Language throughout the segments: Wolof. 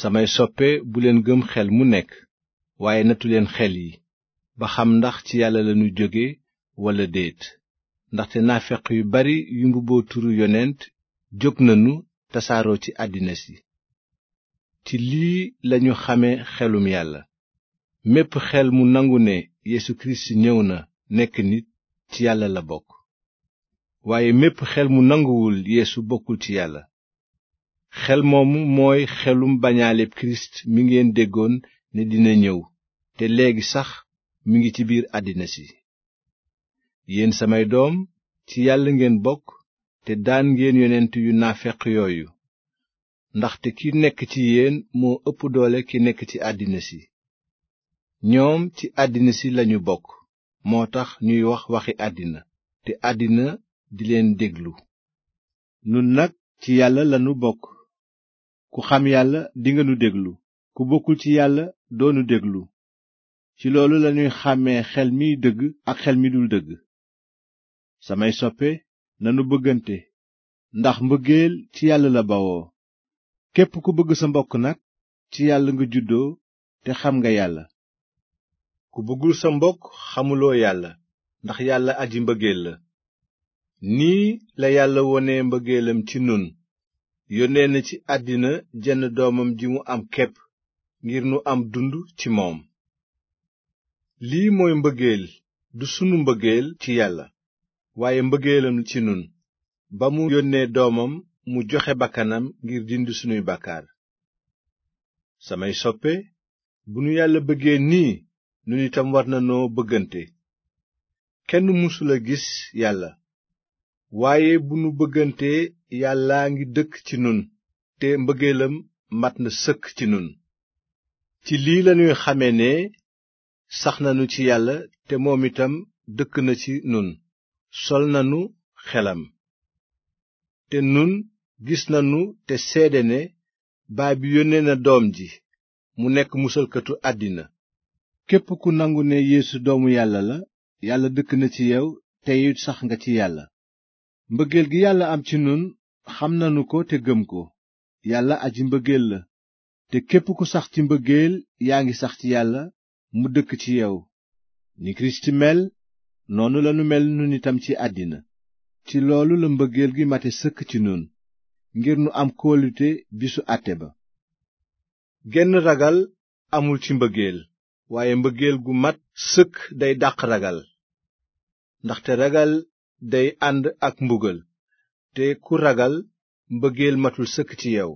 samay soppe bu leen gëm xel mu nekk waaye leen xel yi ba xam ndax ci yàlla lañu jóge walla déet ndaxte naafeq yu bari yu mbubboo turu yonent jóg na nañu tasaaroo ci àddina si ci lii lañu xame xelum yàlla mépp xel mu nangu ne Yesu Kirist ñëw na nekk nit ci yàlla la bokk waaye mépp xel mu nanguwul yéesu bokkul ci yàlla xel moomu mooy xelum bañaaleb kirist mi ngeen déggoon ne dina ñëw te léegi sax mi ngi ci biir àddina si yéen samay doom ci yàlla ngeen bokk te daan ngeen yonent yu naafeq yooyu ndaxte ki nekk ci yéen moo ëpp doole ki nekk ci àddina si ñoom ci àddina si lañu bokk moo tax ñuy wax waxi àddina te àddina di leen déglu nun nag ci yàlla lanu bokk ku xam yàlla dinga nu déglu ku bokkul ci yàlla doonu déglu ci loolu lañuy xàmmee xel miy dëgg ak xel mi dul dëgg samay soppe nanu bëggante ndax mbëggeel ci yàlla la bawoo képp ku bëgg sa mbokk nag ci yàlla nga juddoo te xam nga yàlla ku bëggul sa mbokk xamuloo yàlla ndax yàlla aji mbëggeel la nii la yàlla wone mbëggeelam ci nun yónnee na ci àddina jenn doomam ji mu am képp ngir nu am dund ci moom lii mooy mbëggeel du sunu mbëggeel ci yàlla waaye mbëggeelam ci nun ba mu yónnee doomam mu joxe bakkanam ngir dind sunuy bàkkaar samay soppe bu nu yàlla bëggee nii nun itam war noo bëggante kenn mësula gis yàlla waaye bu nu bëggantee yàllaa ngi dëkk ci nun te mbëggeelam mat na sëkk ci nun ci lii lañuy xame ne sax nanu ci yàlla te moom itam dëkk na ci nun sol nanu xelam te nun gis nanu te seede ne baay bi yónnee na doom ji mu nekk musalkatu àddina képp ku nangu ne yeesu doomu yàlla la yàlla dëkk na ci yow te sax nga ci yàlla mbëggeel gi yàlla am ci nun xam nanu ko te gëm ko yàlla aji mbëggeel la te képp ku sax ci mbëggeel yaa ngi sax ci yàlla mu dëkk ci yow ni kirist mel noonu lanu mel nun itam ci àddina ci loolu la mbëggeel gi mate sëkk ci nun ngir nu am kóolute bisu àtte ba genn ragal amul ci mbëggeel waaye mbëggeel gu mat sëkk day dàq ragal day ànd ak mbugal te ku ragal mbëggeel matul sëkk ci yow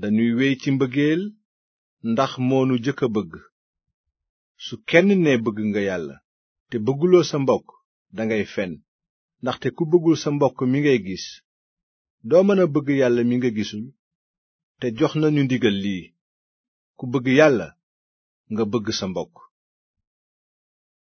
dañuy wéy ci mbëggeel ndax moonu jëkk a bëgg su kenn ne bëgg nga yàlla te bëgguloo sa mbokk dangay fen ndaxte ku bëggul sa mbokk mi ngay gis doo mën bëgg yàlla mi nga gisul te jox nañu ndigal lii ku bëgg yàlla nga bëgg sa mbokk